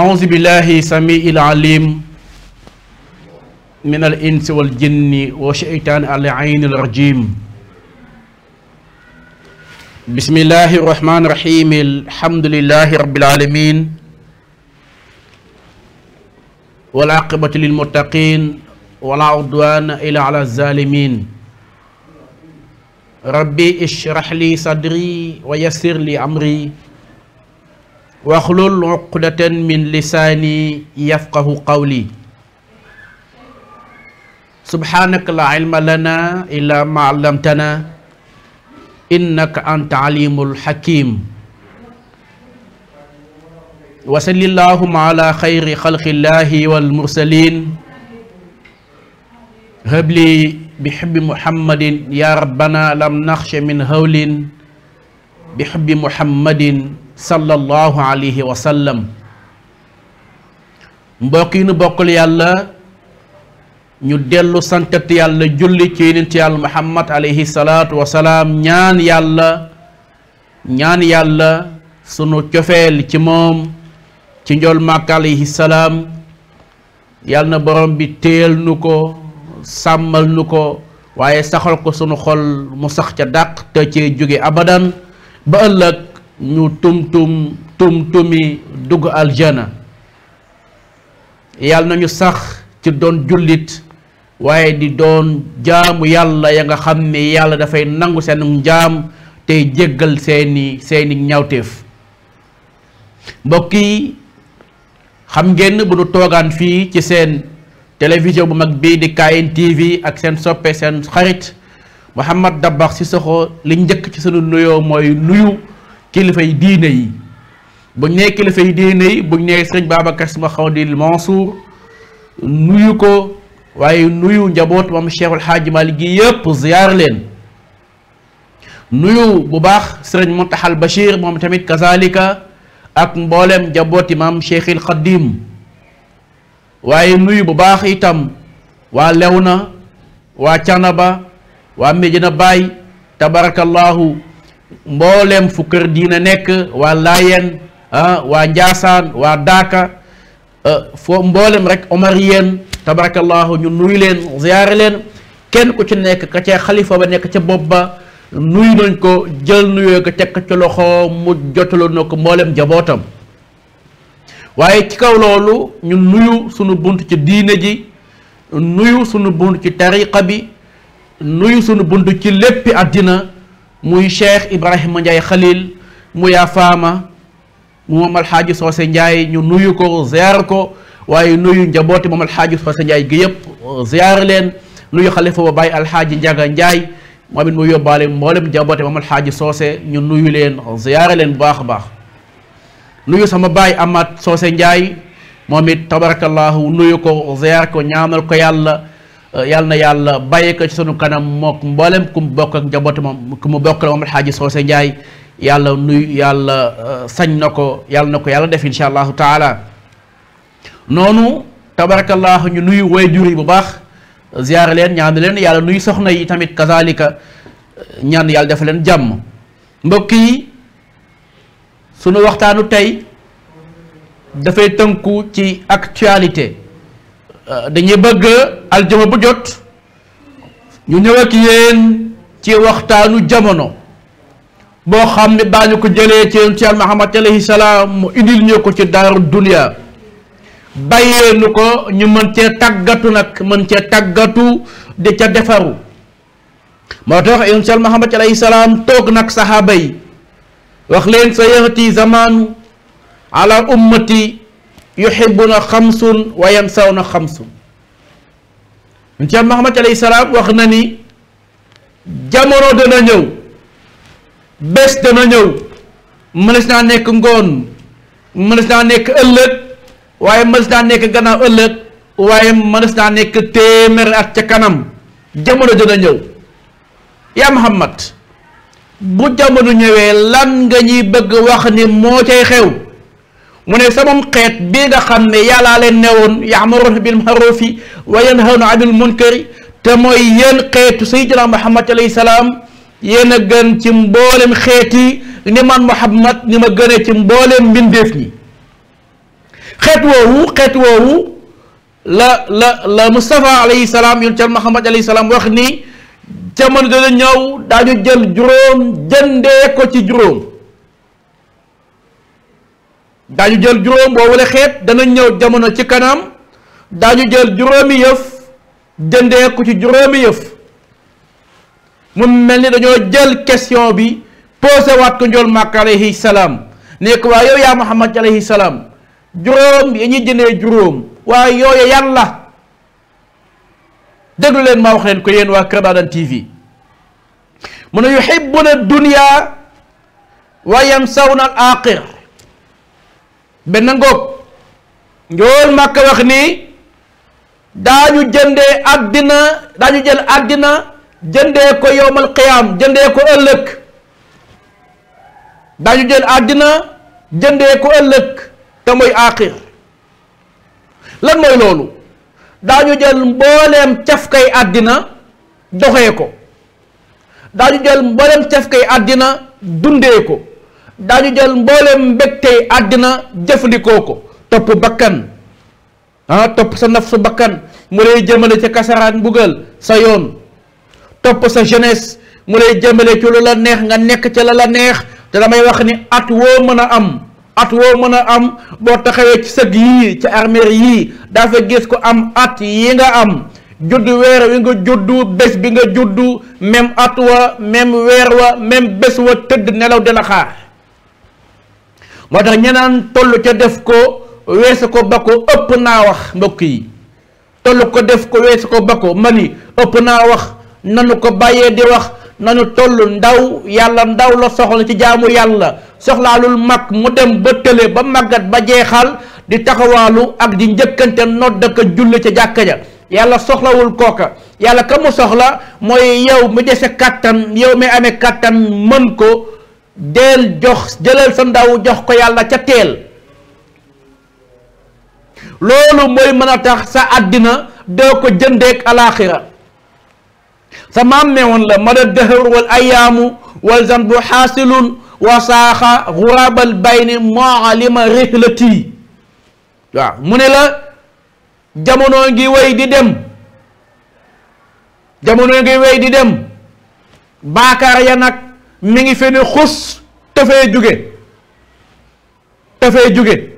أعوذ بالله سميع العليم من الإنس والجن وشيطان العين الرجيم بسم الله الرحمن الرحيم الحمد لله رب العالمين والعاقبة للمتقين ولا عدوان إلا على الظالمين ربي اشرح لي صدري ويسر لي أمري waxlul uqdatan min lisaani yafqahu qawli subhaanaka la ilma lana illa ma allamtana innaka anta alimul hakim wa salli llahuma ala xayri xalqillahi wal mursalin habli bi xubbi muhammadin ya rabbana lam naxsha min hawlin bi xubbi muhammadin sallallahu alayhi wa sallam mbokk yi nu bokkal yàlla ñu dellu santat yàlla julli ci yonent yàlla muhammad alayhi salaatu wa ñaan yàlla ñaan yàlla sunu cofeel ci moom ci njool màkk alayhi salaam yàlla na borom bi téel nu ko sàmmal nu ko waaye saxal ko sunu xol mu sax ca dàq te cee jóge abadan ba ëllëg ñu tum tum tum dugg aljana yàlla nañu sax ci doon jullit waaye di doon jaamu yàlla ya nga xam ni yàlla dafay nangu seen njaam tey jéggal seeni seeni ñawteef mbokk yi xam ngeen bu nu toogaan fii ci seen télévision bu mag bii di KN ak seen soppe seen xarit Mouhamed Dabakh Cissokho li njëkk ci sunu nuyoo mooy nuyu kilifay diine yi buñ nee kilifay diine yi buñ nee sëñ Babacar Sy Mouhamadoul Mansour nuyu ko waaye nuyu njaboot moom Cheikhul Hadji Malick gi yëpp ziyaar leen nuyu bu baax sëriñ Mountakhal Bachir moom tamit kazalika ak mboolem njaboot maam Cheikhil Khadim waaye nuyu bu baax itam waa Léona waa Canaba waa Medina Baye tabarakallahu mboolem fu kër diina nekk waa Laayeen ah, waa Njaasaan waa Daaka ah, foo mboolem rek Omariyeen tabarakallahu ñu nuyu leen ziyaare leen kenn ku ci nekk ka ca xalifa ba nekk ca bopp ba nuyu nañ ko jël nuyoo tekk teg ca loxo mu jotaloo na ko mboolem jabootam waaye ci kaw loolu ñu nuyu sunu bunt ci diine ji nuyu sunu bunt ci tariqa bi nuyu sunu bunt ci lépp àddina muy Cheikh Ibrahima Ndiaye Khalil mu yaa faama moom alxaaji Soose Ndiaye ñu nuyu ko ziar ko waaye nuyu njabooti moom alxaaji Soose Ndiaye gi yëpp ziar leen nuyu xalifa ba bàyyi alxaaji Njaga Ndiaye moom it mu yóbbaale mboolem njabooti moom alxaaji Soose ñu nuyu leen ziar leen bu baax a baax nuyu sama baay Amath Soose Ndiaye moom it tabarakallahu nuyu ko ziar ko ñaanal ko yàlla Euh, yàlla na yàlla bàyyi sunu kanam mook mboolem ku bokk ak njabootam moom ku mu bokk la moom Alxaaji Soose Njaay yàlla nuyu yàlla euh, sañ na ko yàlla na ko yàlla def insha allahu taala noonu tabarakallahu ñu nuyu waajur yi bu baax ziyaare leen ñaan leen yàlla nuyu soxna yi tamit kazalika euh, ñaan yàlla def leen jàmm mbokk yi sunu waxtaanu tey dafay tënku ci actualité Euh, dañuy bëgg aljama bu jot ñu ñëw ak ci waxtaanu jamono boo xam ne daañu ko jëlee ci yonent Yàlla Muhammad mu indil ñu ko ci daaru duniya bàyyee nu ko ñu mën cee tàggatu nag mën cee tàggatu di ca defaru moo tax yonent Yàlla Muhammad alayhi salaam toog nag saxaaba yi wax leen sa yëxati zamaanu ala ummati yuhibbuna xamsun wa yansawna xamsun ci am Muhammad alayhi salaam wax na ni jamono dana ñëw bés dana ñëw mënees naa nekk ngoon mënees naa nekk ëllëg waaye mënees naa nekk gannaaw ëllëg waaye mënees naa nekk téeméer ca kanam jamono dana ñëw yaa Muhammad bu jamono ñëwee lan nga ñuy bëgg wax ni moo cay xew mu ne sama xeet bii nga xam ne yàllaa leen newoon yaamaruuna bil maarufi wa yanhawna anil munkari te mooy yéen xeetu sayyidina Muhammad alayhi salaam yéen a gën ci mboolem man Muhammad ni ma gënee ci mboolem mbindeef ñi xeet woowu woowu la la la Moustapha alayhi salaam yun cal Muhammad alayhi salaam wax ni jamono dana ñëw daañu jël juróom jëndee ko ci juróom. daañu jël juróom boo wala xeet dana ñëw jamono ci kanam daañu jël juróomi yëf jëndee ko ci juróomi yëf mu mel ni dañoo jël question bi posé waat ko njool màkk alayhi salaam nekk waa yow yaa muhammad alayhi salaam juróom ya ñuy jëndee juróom waaye yooyu yàlla déglu leen maa wax leen ko yéen waa Kër Ndanane TV mu ne yuhibbuna dunya wa yamsawna al aaxir benn ngoog njool màkka wax ni daañu jëndee àddina daañu jël àddina jëndee ko yowmal qiyaam jëndee ko ëllëg daañu jël àddina jëndee ko ëllëg te mooy aaxir lan mooy loolu daañu jël mbooleem cafkay àddina doxee ko daañu jël mbooleem cafkay àddina dundee ko daañu jël mbooleem mbégtey àddina jëfandikoo ko topp bakkan ah topp sa naf su bakkan mu lay jëmale ca kasaraan mbugal sa yoon topp sa jeunesse mu lay jëmale ci lu la neex nga nekk ca la la neex te damay wax ni at woo mën a am at woo mën a am boo taxawee ci sëg yii ci armeer yii daa gis ko am at yi nga am juddu weer wi nga juddu bés bi nga juddu même at wa même weer wa même bés wa tëdd nelaw di la moo tax ñenaan toll ca def ko weesu ko ba ko ëpp naa wax mbokk yi toll ko def ko weesu ko ba ko man yi ëpp naa wax nanu ko bàyyee di wax nanu toll ndaw yàlla ndaw la soxla ci jaamu yàlla soxlaalul mag mu dem ba tële ba màggat ba jeexal di taxawaalu ak di njëkkante nodd ak julli ca jàkka ja yàlla soxlawul kooka yàlla ka mu soxla mooy yow mi dese kàttan yow mi amee kàttan mën ko deel jox jëlal sa ndaw jox ko yàlla ca teel loolu mooy mën a tax sa àddina doo ko jëndeek alaaxira sa maam ne woon la mada dëhër wal ayaamu wal zanbu xaasilun wa saaxa xurabal bayni mu ne la jamono ngi wéy di dem jamono ngi wéy di dem baakaar ya nag mi ngi fene xus tafee jóge tafee jóge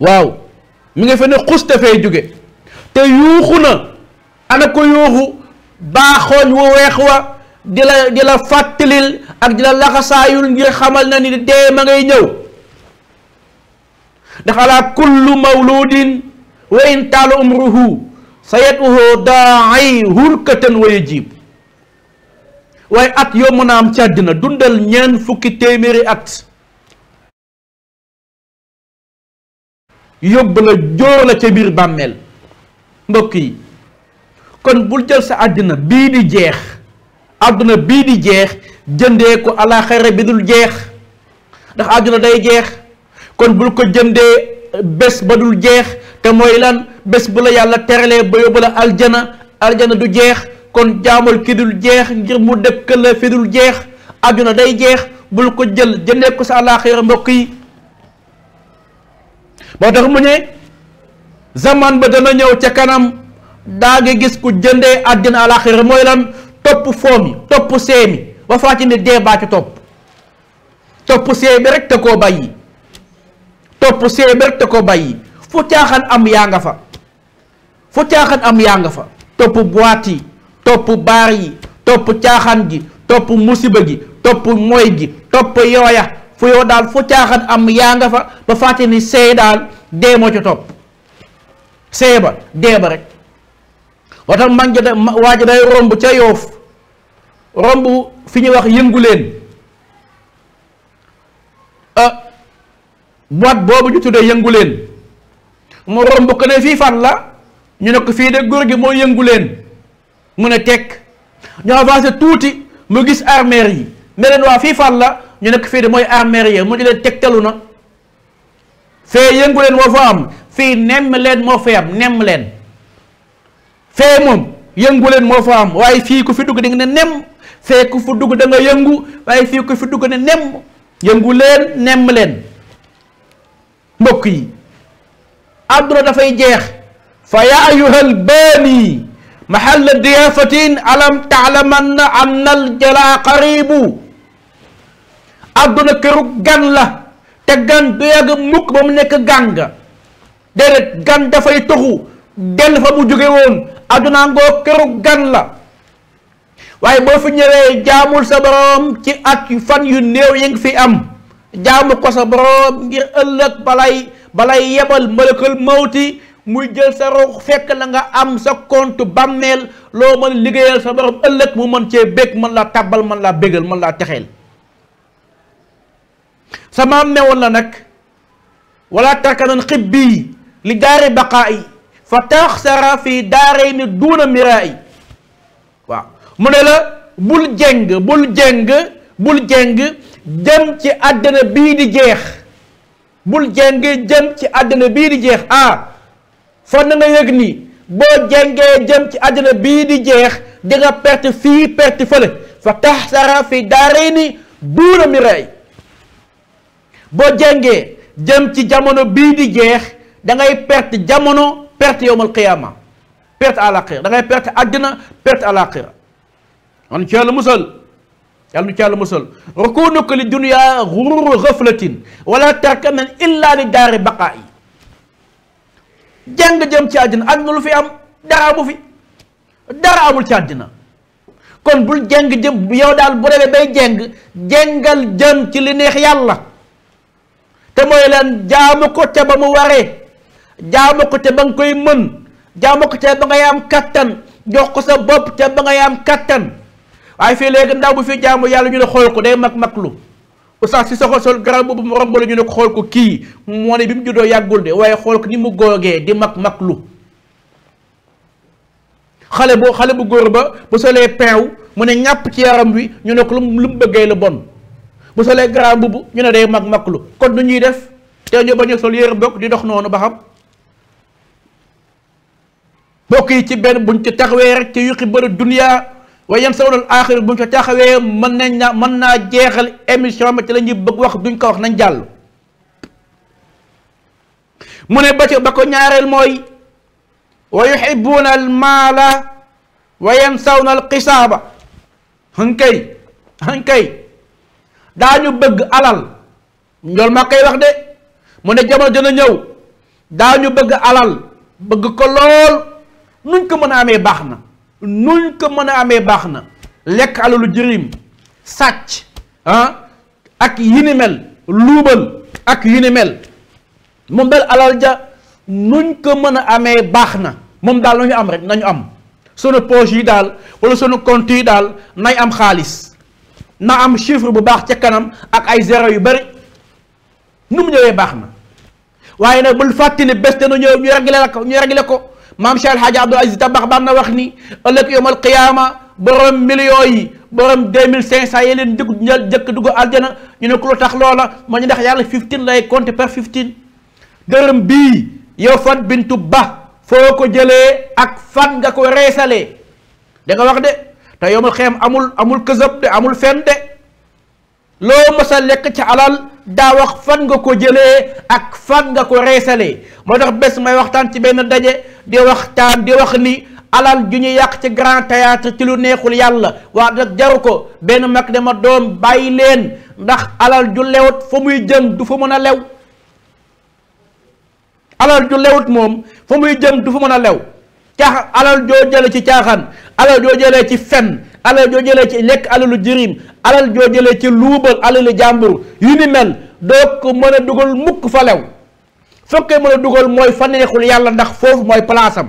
waaw mi ngi fene xus tafee jóge te yuuxu na ana ko yuuxu baaxooñ wu weex wa di la di la ak di la laxasaayul ngir xamal na ni dee ma ngay ñëw ndax ala kullu mawludin wa in taala umruhu sayatuhu daai hurkatan wa yajib waaye at yoo mën a am ci àddina dundal ñeent fukki téeméeri at yóbbu la la ca biir bàmmeel mbokk yi kon bul jël sa àddina bii di jeex àdduna bii di jeex jëndee ko alaxira bi dul jeex ndax àdduna day jeex kon bul ko jëndee bés ba dul jeex te mooy lan bés bu la yàlla teralee ba yóbbu aljana aljana du jeex kon jaamal ki dul jeex ngir mu dëkkal la fi dul jeex àdduna day jeex bul ko jël jëndee ko sa àllaaxira mbokk yi moo tax mu ne zaman ba dana ñëw ca kanam daa nga gis ku jëndee àddina àllaaxira mooy lan topp foomi topp seemi ba faa ci ne dee baa ci topp topp seemi rek te ko bàyyi topp seemi rek te koo bàyyi fu caaxaan am yaa nga fa fu caaxaan am yaa nga fa topp boîte yi topp baar yi topp caaxaan gi topp musiba gi topp mooy gi topp yooya fu yow daal fu caaxaan am yaa nga fa ba fàtte ni seey daal dee moo ca topp seey ba dee ba rek ba tax man ja waa ji romb ca yoof romb fi ñuy wax yënguleen leen ah, boobu ñu tuddee yëngu leen mu romb ko ne fii fan la ñu ne ko fii de góor gi mooy yëngu leen mu ne tekk ñu avancé tuuti mu gis armeer yi ne waa fii fan la ñu nekk fii de mooy armeer yi mu ñu leen tegtalu na fee yëngu leen moo fa am fii nemm leen moo fa am nemm leen fee moom yëngu leen moo am waaye fii ku fi dugg da ne nemm fee ku fi dugg da nga yëngu waaye fii ku fi dugg ne nemm yëngu nemm leen mbokk yi àdduna dafay jeex fa yaa ayuhal baani محل ضيافة ألم تعلمن أن الجلا قريب àdduna këru gan la te gan du yàgg mukk ba mu nekk gan ga déedéet gan dafay toxu dell fa mu jóge woon àdduna ngoo këru gan la waaye boo fi ñëwee jaamul sa boroom ci at yu fan yu néew yi nga fi am jaamu ko sa boroom ngir ëllëg balay balay yebal malakal mawti muy jël sa rox fekk la nga am sa kont bàmmeel loo mën liggéeyal sa borom ëllëg mu mën cee bég mën laa tàbbal mën laa bégal mën laa texeel sa maam ne la nag wala tarkanan xib bii li daari baqaa yi fa taxsara fii daarey ni duuna miraa yi waaw mu ne la bul jeng bul jeng bul jeng jëm ci àddina bii di jeex bul jeng jëm ci àddina bii di jeex ah fa na nga yëg nii boo jengee jëm ci àddina bii di jeex di nga perte fii perte fële fa taxsara fi daarayni duuna miray boo jengee jëm ci jamono bii di jeex dangay ngay perte jamono perte yowmal qiyaama perte àlaxira da ngay perte àddina perte àlaxira man ci yàlla musal yàlla ci yàlla musal rukunuka li dunya xururu xaflatin wala tarkanan illa li daari baqaa'i jàng jëm ci àddina àddina lu fi am dara amu fi dara amul ci àddina kon bul jàng jëm bu yow daal bu demee bay jàng jàngal jën ci li neex yàlla te mooy leen jaama ko te ba mu waree jaamu ko te ba nga koy mën jaamu ko ca ba ngay am kattan jox ko sa bopp te ba ngay am kattan waaye fii léegi ndaw bu fi jaamu yàlla ñu ne xool ko day mag mag lu oustaz si soxo sol garab boobu mu romb la ñu ne ko xool ko kii moo ne bi mu juddoo yàggul de waaye xool ko ni mu googee di mag mag lu xale boo xale bu góor ba bu solee peew mu ne ñàpp ci yaram wi ñu ne ko lu mu bëggee la bon bu solee garab boobu ñu ne day mag mag lu kon nu ñuy def te ñu bañ sol yére bokk di dox noonu ba xam bokk yi ci benn buñ ci taxawee rek ci yuqi bëri duniyaa waaye yan sawnal aaxir buñ ko taxawee mën nañ naa mën naa jeexal émission bi te la ñuy bëgg wax duñ ko wax nañ jàll mu ne ba ci ba ko ñaareel mooy wa yuxibuuna al maala wa yansawna daañu bëgg alal njool ma koy wax de mu ne jamono dina ñëw daañu bëgg alal bëgg ko lool nuñ ko mën a amee baax na nuñ ko mën a amee baax na lekk alalu jërim sàcc ah ak yu ni luubal ak yu moom daal alal ja nuñ ko mën a amee baax na moom daal ñu am rek nañu am sunu poche yi daal walla sunu compte yi daal nay am xaalis na am chiffre bu baax ca kanam ak ay zéro yu bari nu mu ñëwee baax na waaye nag bul fàttali bés te nu ñëw ñu réglé la ko ñu réglé ko maam Cheikh El Hadj Abdoul Aziz Dabakh daan na wax ni ëllëg yawmal qiyaama borom millions yi borom deux mille cinq cent yi leen dugg njëkk dugg aljana ñu ne ku lu tax loola moo ñu ndax yàlla fifteen lay compter par fifteen dërëm bii yow Fat Bintou Ba foo ko jëlee ak fan nga ko reesalee da wax de te yawmal qiyaama amul amul kësëb de amul fen de. loo mës lekk ci alal daa wax fan nga ko jëlee ak fan nga ko reesalee moo tax bés may waxtaan ci benn daje di waxtaan di wax ni alal ju ñu yàq ci grand théâtre ci lu neexul yàlla waa nag jaru ko benn mag dama doom bàyyi leen ndax alal ju lewut fa muy jëm du fa mën a lew alal ju lewut moom fa muy jëm du mën a lew caax alal joo jëlee ci caaxaan alal joo jëlee ci fenn alal joo jëlee ci lekk alalu jirim alal joo jëlee ci luubal alalu jàmbur yu ni mel doo ko mën a dugal mukk fa lew fokkee mën a dugal mooy fa yàlla ndax foofu mooy place am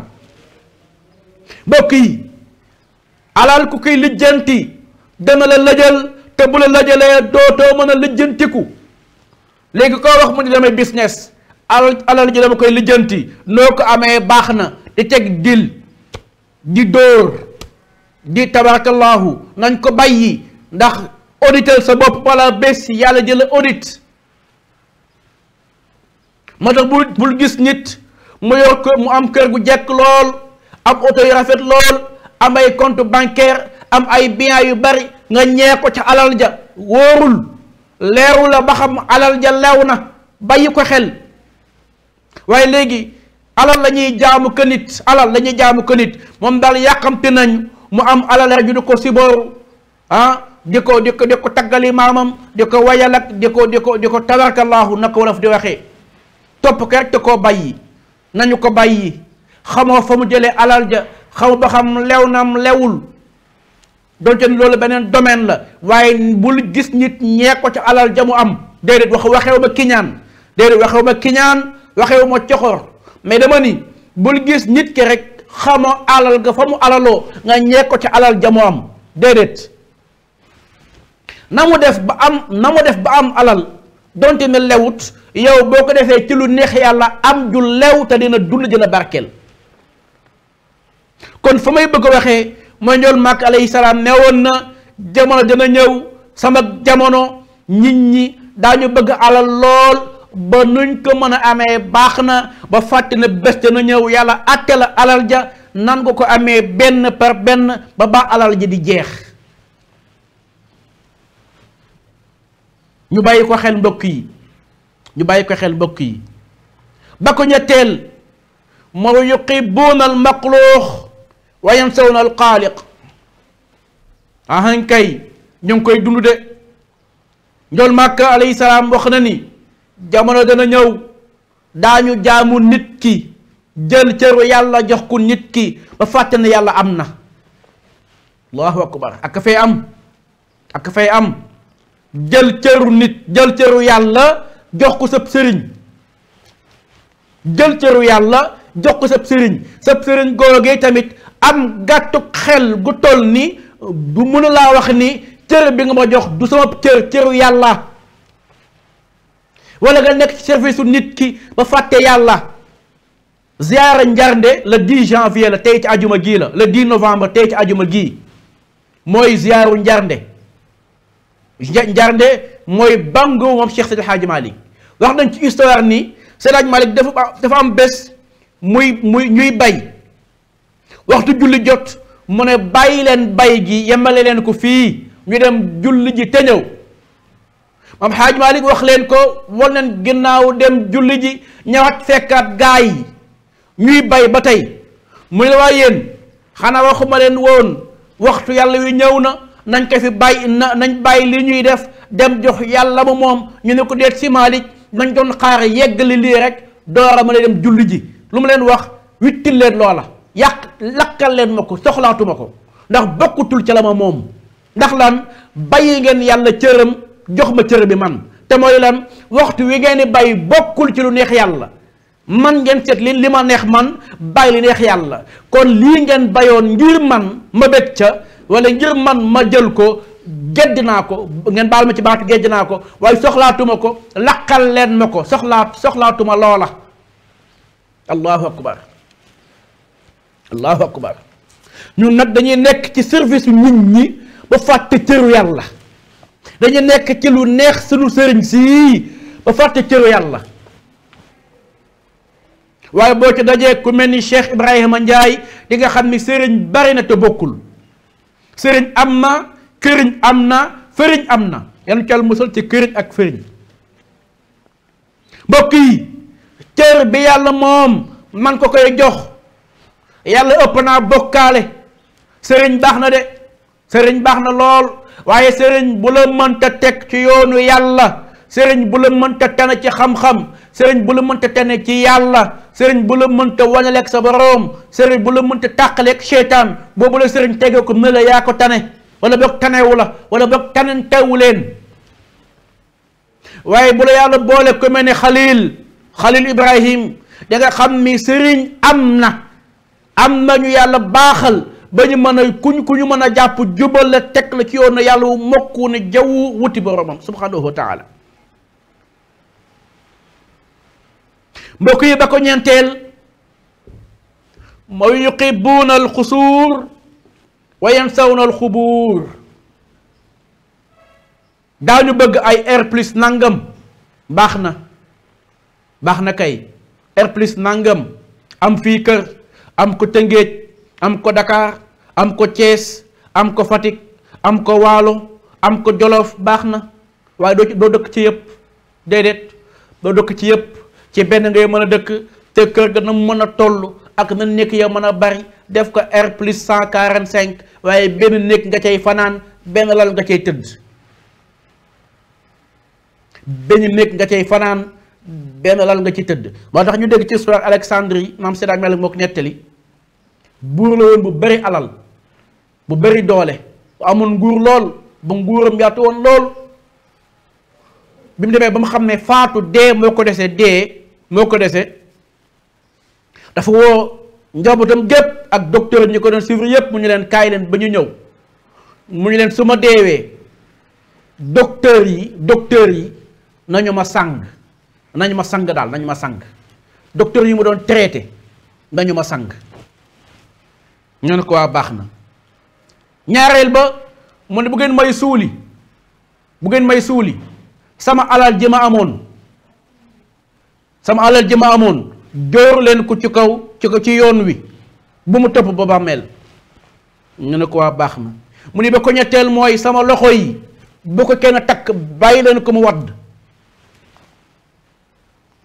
mbokk alal ku koy lijjanti dana la lajal te bu la lajalee dootoo mën a lijjantiku léegi koo wax mu ni damay business alal alal dama koy lijjanti noo ko amee baax na di teg dil di dóor di tabarakallahu nañ ko bàyyi ndax auditeur sa bopp balaa bés yàlla jëla audit moo tax bul bul gis nit mu yor ko mu am kër gu jekk lool am oto yu rafet lool am ay compte bancaire am ay bien yu bari nga ñee ko ca alal ja wóorul leeru la ba xam alal ja leew na bàyyi ko xel waaye léegi alal la ñuy jaamu kënit alal la ñuy jaamu ko nit moom daal yàqamte nañ mu am alal rek ñu di ko sibooru ah di ko di ko ko taggali maamam di ko wayal ak di ko di ko di ko tabarkallaahu na ko wolof di waxee topp ko rek te koo bàyyi nañu ko bàyyi xamoo fa mu jëlee alal ja xamu ba xam lew nam lewul donte loolu beneen domaine la waaye bul gis nit ñee ko ca alal ja mu am déedéet wax waxew ma kiñaan déedéet waxew ma kiñaan waxew ma coxor mais dama ni bul gis nit ki rek xamoo alal ga fa mu alaloo nga ñeeg ko ci alal ja mu am déedéet na mu def ba am na mu def ba am alal donte ne lewut yow boo ko defee ci lu neex yàlla am ju lew te dina dund dina barkeel kon fa may bëgg a waxee mooy njool màkk alayhi salaam ne na jamono dina ñëw sama jamono nit ñi daañu bëgg alal lool ba nuñ ko mën a amee baax na ba fàtte na bés dana ñëw yàlla àtte la alal ja nan nga ko amee benn par benn ba ba alal ji di jeex ñu bàyyi ko xel mbokk yi ñu bàyyi ko xel mbokk yi ba ko ñetteel moo yuqibuuna al maxluuq wa yansawna al xaaliq ahan kay ñu ngi koy dund de njool màkk alayhi salaam wax na ni jamono dana ñëw daañu jaamu nit ki jël cëru yàlla jox ko nit ki ba fàtte ne yàlla am na allahu akbar ak fay am ak fay am jël cëru nit jël cëru yàlla jox ko sab sëriñ jël cëru yàlla jox ko sab sëriñ sab sëriñ googee tamit am gàttu xel gu toll ni du mën wax ni cër bi nga ma jox du sama cër cëru yàlla wala nga nekk ci service su nit ki ba fàtte yàlla ziara njarnde le 10 janvier la tey ci ajuma gii la le di novembre tey ci ajuma gii mooy ziaru njarnde njarnde mooy bango moom Cheikh Seydi Hadji Malick wax nañ ci histoire nii Seydi Hadji Malick dafa dafa am bés muy muy ñuy bay waxtu julli jot mu ne bàyyi leen bay gi yemale leen ko fii ñu dem julli ji te ñëw maam xaaj Malik wax leen ko wal leen ginnaaw dem julli ji ñëwaat fekkaat gaa yi ñuy bay ba tey mu ne la waa yéen xanaa waxuma leen woon waxtu yàlla wi ñëw na nañ ko fi bàyyi na nañ bàyyi li ñuy def dem jox yàlla mu moom ñu ne ko deet si Malik nañ doon xaar yegg yeggali lii rek doora ma a dem julli ji lu ma leen wax wittil leen loola yàq lakkal leen ma ko soxlaatuma ko ndax bokkutul ci la ma moom ndax lan bàyyi ngeen yàlla cëram jox ma cër bi man te mooy lan waxtu wi ngeen bay bokkul ci lu neex yàlla man ngeen seet li li ma neex man bàyyi li neex yàlla kon lii ngeen bayoon ngir man ma bét ca wala ngir man ma jël ko gedd naa ko ngeen baal ma ci baatu gedd naa ko waaye soxlaatuma ko laqal leen ma ko soxlaa soxlaatuma loola allahu akbar allahu akbar ñun nag dañuy nekk ci service nit ñi ba fàtte cëru yàlla dañu nekk ci lu neex sunu sëriñ sii ba fàtte cëru yàlla waaye boo ci dajee ku mel ni Cheikh Ibrahima Ndiaye di nga xam ni sëriñ bari na te bokkul sëriñ am na këriñ am na fëriñ am na yal na ci musal ci këriñ ak fëriñ mbokk yi cër bi yàlla moom man ko koy jox yàlla ëpp naa bokkaale sëriñ baax na de sëriñ baax na lool waaye sëriñ bu la mënta teg ci yoonu yàlla sëriñ bu mën mënta tane ci xam sëriñ bu la mënta tane ci yàlla sëriñ bu la mënta wanaleeg sa boroom sëriñ bu la mënta tàqaleeg seytaan boobu la sëriñ tege ko ne la yaa ko tane wala boog tanewu la wala boog tanen tewu leen waaye bu la yàlla boole ku mel ne xalil xalil ibrahim da nga xam ni sëriñ am na am na ñu yàlla baaxal ba ñu mën a kuñ ku ñu mën a jàpp jubal la teg la ci yoonu yàlla wu mokk ne jaww wuti boromam subhanahu wa mbokk yi ba ko ñeenteel mooy yuqibuuna alxusuur wa yansawna alxubuur daañu bëgg ay air plus nangam baax na baax na kay air plus nangam am fii kër am ko tëngéej am ko dakaar am ko Thiès am ko Fatick am ko Waalo am ko Jolof baax na waaye doo doo dëkk ci yëpp déedéet doo dëkk ci yëpp ci benn ngay mën a dëkk te kër ga na mën a toll ak na nekk ya mën a bari def ko R plus cent quarante cinq waaye benn nekk nga cay fanaan benn lal nga cay tëdd benn nekk nga cay fanaan benn lal nga ci tëdd moo tax ñu dégg ci histoire Alexandrie maam Sédar Malick moo ko nettali buur la woon bu bari alal bu bari doole bu amoon nguur lool bu nguuram yaatu woon lool bi mu demee ba mu xam ne faatu dee moo ko dese dee moo ko dese dafa woo njabootam gépp ak docteur ñi ko doon suivre yépp mu ñu leen kaay leen ba ñu ñëw mu ñu leen su ma deewee docteur yi docteur yi nañu ma sàng nañu ma sang daal nañu ma sang docteur yi mu doon traité nañu ma sang ñu ne ko waa baax na ñaareel ba mu ne bu ngeen may suuli bu ngeen may suuli sama alal ji ma amoon sama alal ji ma amoon dóor leen ko ci kaw ci ko ci yoon wi bu mu tëpp ba bàmmeel ñu ne ko waa baax na mu ne ba ko ñetteel mooy sama loxo yi bu ko kenn takk bàyyi leen ko mu wadd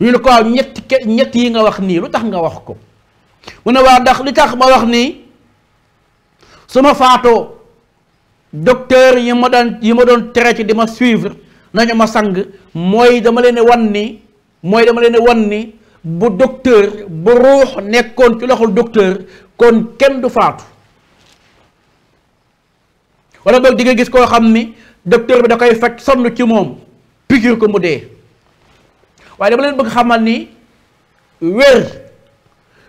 ñu ne ñett yi nga wax nii lu tax nga wax ko mu ne waa ndax li tax ma wax nii su ma faatoo docteur yi ma daan yi ma doon traité di ma suivre nañu ma sang mooy dama leen wan ni mooy dama leen wan ni bu docteur bu ruux nekkoon ci loxol docteur kon kenn du faatu wala boog di nga gis koo xam ni docteur bi da koy faj sonn ci moom piqûre ko mu dee waaye dama leen bëgg xamal ni wér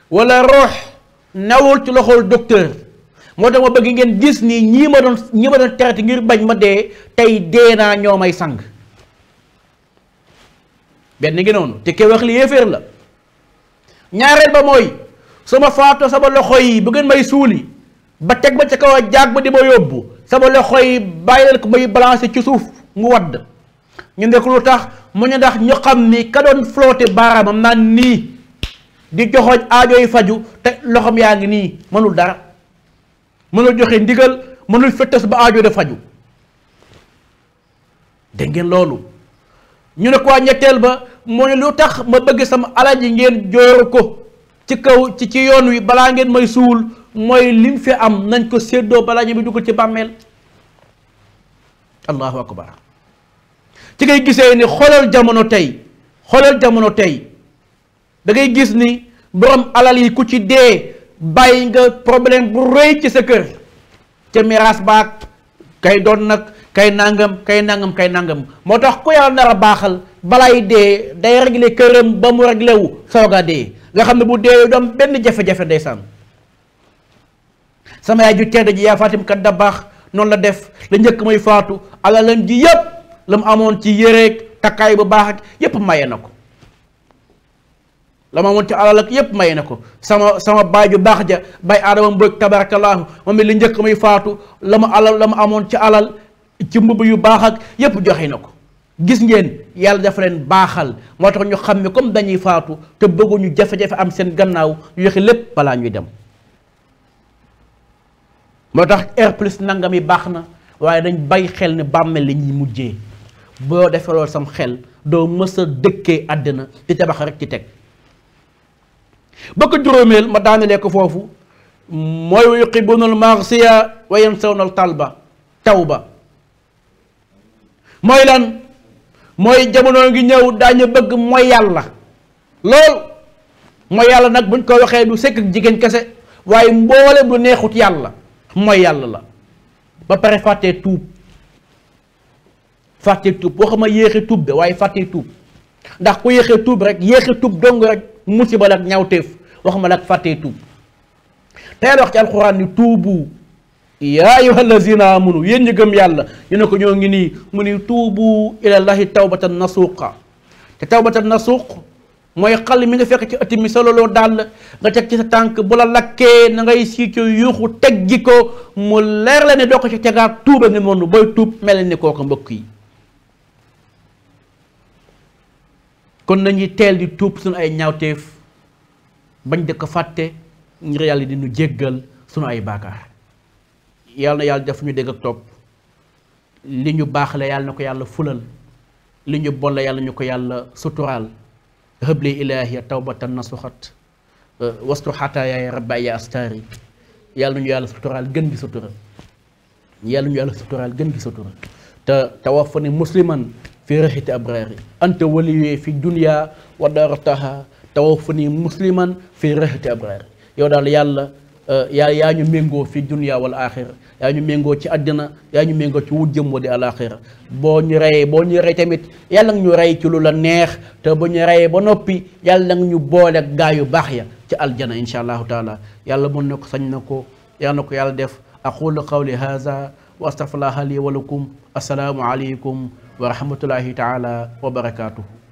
wala ruux nawul ci loxol docteur moo tax ma bëgg ngeen gis nii ñii ma doon ñii ma doon traité ngir bañ ma dee tey dee naa ñoo may sang benn ngi noonu te ke wax li yéeféer la ñaareel ba mooy sama faatoo sama loxo yi bu ngeen may suuli ba teg ma ci kaw a jaag ba di ma yóbbu sama loxo yi bàyyi leen ko may balancé ci suuf mu wadd ñu nekk lu tax mu ne ndax ñu xam ni ka doon flotté baaraamam naan nii di joxooj aajo faju te loxom yaa ngi nii mënul dara mënul joxe ndigal mënul fëttas ba aajo de faju dégg loolu ñu ne quoi ñetteel ba moo ne lu tax ma bëgg sama alal yi ngeen joor ko ci kaw ci ci yoon wi balaa ngeen may suul mooy lim fi am nañ ko seddoo balaa ñu bi dugal ci bàmmeel allahu akbar ci ngay gisee ni xoolal jamono tey xoolal jamono tey dangay gis ni borom alal yi ku ci dee bàyyi nga problème bu rëy ci sa kër ca miraas baag kay doon nag kay nangam kay nangam kay nangam moo tax ku yàlla nar a baaxal balay dee day réglé këram ba mu réglé wu soog a dee nga xam ne bu dee doom benn jafe-jafe ndeysaan sama yaay ju tedd ji yaa Fatim kat da baax noonu la def la njëkk may faatu alalam ji yépp la mu amoon ci yéreeg takkaay bu baax ak yépp maye na ko la ma amoon ci alal ak yépp may na ko sama sama baay ju baax ja bay aadama mbóoj tabarakallahu moom it li njëkk muy faatu la ma alal la ma amoon ci alal ci mbubb yu baax ak yépp joxe na ko gis ngeen yàlla dafa leen baaxal moo tax ñu xam ne comme dañuy faatu te bëgguñu jafe-jafe am seen gannaaw ñu joxe lépp balaa ñuy dem moo tax air plus nangam yi baax na waaye dañ bay xel ne bàmmeel la ñuy mujjee boo defee loolu sam xel doo mësa a dëkkee àddina di tabax rek ci teg ba ko juróomeel ma daanelee ko foofu mooy wa yuqibuna al marsiya wa yansawna ba talba tawba mooy lan mooy jamono ngi ñëw daañu bëgg mooy yàlla lool mooy yàlla nag buñ ko waxee du sekk ak jigéen kese waaye mboolem lu neexut yàlla mooy yàlla la ba pare fàttee tuub fàttee tuub waxuma yéexee tuub de waaye fàttee tuub ndax ku yéexee tuub rek yéexee tuub dong rek musiba la ak ñawteef waxuma la ak fàttee tuub teel wax ci alxuraan ni tuubu yaa ayyuha allazina amanu yéen ñi gëm yàlla ñu ne ko ñoo ngi nii mu ni tuubu ilallahi tawbatan nasuqa te tawbatan nasuq mooy xal mi nga fekk ci ëtt mi sololoo daal nga teg ci sa tànk bu la lakkee na ngay sii ci yuuxu teg gi ko mu leer la ne doo ko ci tegaat tuuba ngi noonu booy tuub mel ni kooku mbokk yi kon nañu teel di tuub suñu ay ñaawteef bañ di ko fàtte ngir yàlla di nu jéggal suñu ay baakaar yàlla na yàlla def ñu dégg ak li ñu baax la yàlla na ko yàlla fulal li ñu bon yàlla ñu ko yàlla suturaal hëble ilaahiya tawbatan nasuxat wastu xataayaay rabba ya astaari yàlla ñu yàlla suturaal gën gi sutura yàlla ñu yàlla suturaal gën gi sutura te tawaffani musliman fi raxiti abraari anta waliyu fi dunya wa darataha tawaffani musliman fi raxiti abraari yow daal yàlla eh, yaa yaa ñu méngoo fi dunya wal axira yaa ñu méngoo ci àddina yaa ñu méngoo ci wujjëm wa di alaxira boo ñu reyee boo ñu rey tamit yàlla nga ñu rey ci lu la neex te ba ñu reyee ba noppi yàlla nga ñu boole gaa yu baax ya ci aljana insha allahu taala yàlla mën na ko sañ na ko yàlla def aqulu qawli haza wa astaghfirullaha li wa lakum assalaamu aleykum wa rahmatullahi taala wa barakaatuhu